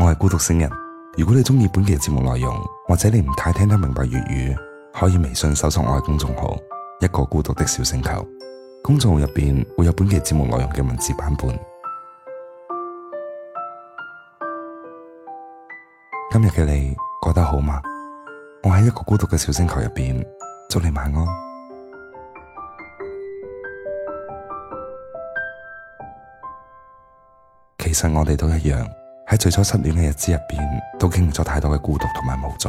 我係孤獨星人。如果你中意本期節目內容，或者你唔太聽得明白粵語，可以微信搜索我嘅公眾號一個孤獨的小星球。公眾號入邊會有本期節目內容嘅文字版本今天。今日嘅你過得好嗎？我喺一個孤獨嘅小星球入邊，祝你晚安。其實我哋都一樣。喺最初失戀嘅日子入邊，都經歷咗太多嘅孤獨同埋無助。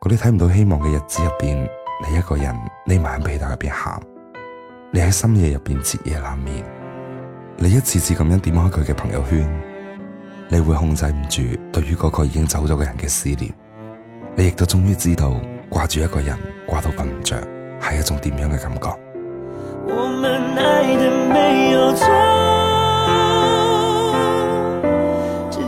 嗰啲睇唔到希望嘅日子入邊，你一個人匿埋喺被竇入邊喊，你喺深夜入邊徹夜難眠，你一次次咁樣點開佢嘅朋友圈，你會控制唔住對於嗰個已經走咗嘅人嘅思念。你亦都終於知道掛住一個人掛到瞓唔着係一種點樣嘅感覺。我們愛的沒有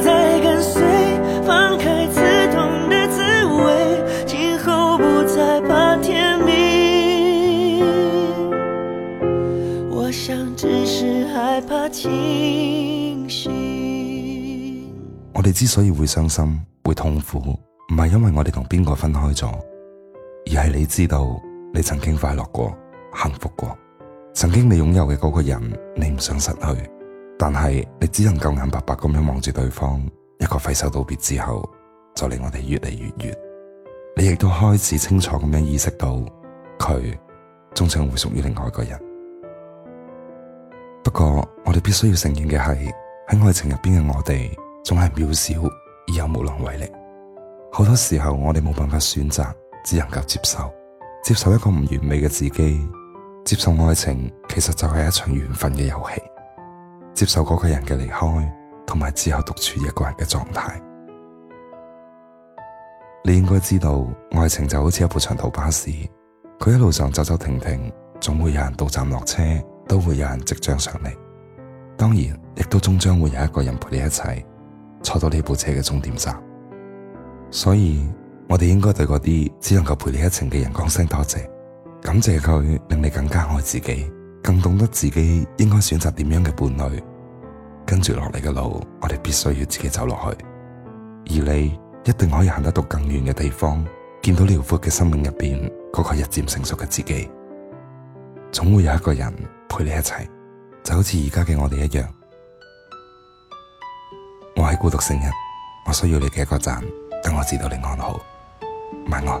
在跟隨放開刺痛嘅滋味，不再怕天明。我想，只是害怕清醒。我哋之所以會傷心、會痛苦，唔係因為我哋同邊個分開咗，而係你知道你曾經快樂過、幸福過。曾經你擁有嘅嗰個人，你唔想失去，但係你只能夠眼白白咁樣望住對方，一個揮手道別之後，就離我哋越嚟越遠。你亦都開始清楚咁樣意識到，佢終將會屬於另外一個人。不過，我哋必須要承認嘅係，喺愛情入邊嘅我哋，總係渺小而又無能為力。好多時候，我哋冇辦法選擇，只能夠接受，接受一個唔完美嘅自己。接受愛情其實就係一場緣分嘅遊戲，接受嗰個人嘅離開，同埋之後獨處一個人嘅狀態。你應該知道，愛情就好似一部長途巴士，佢一路上走走停停，總會有人到站落車，都會有人即將上嚟。當然，亦都終將會有一個人陪你一齊坐到呢部車嘅終點站。所以我哋應該對嗰啲只能夠陪你一程嘅人講聲多謝。感謝佢令你更加愛自己，更懂得自己應該選擇點樣嘅伴侶。跟住落嚟嘅路，我哋必須要自己走落去。而你一定可以行得到更遠嘅地方，見到遼闊嘅生命入邊嗰個日漸成熟嘅自己。總會有一個人陪你一齊，就好似而家嘅我哋一樣。我喺孤獨星人，我需要你嘅一個讚，等我知道你安好。晚安。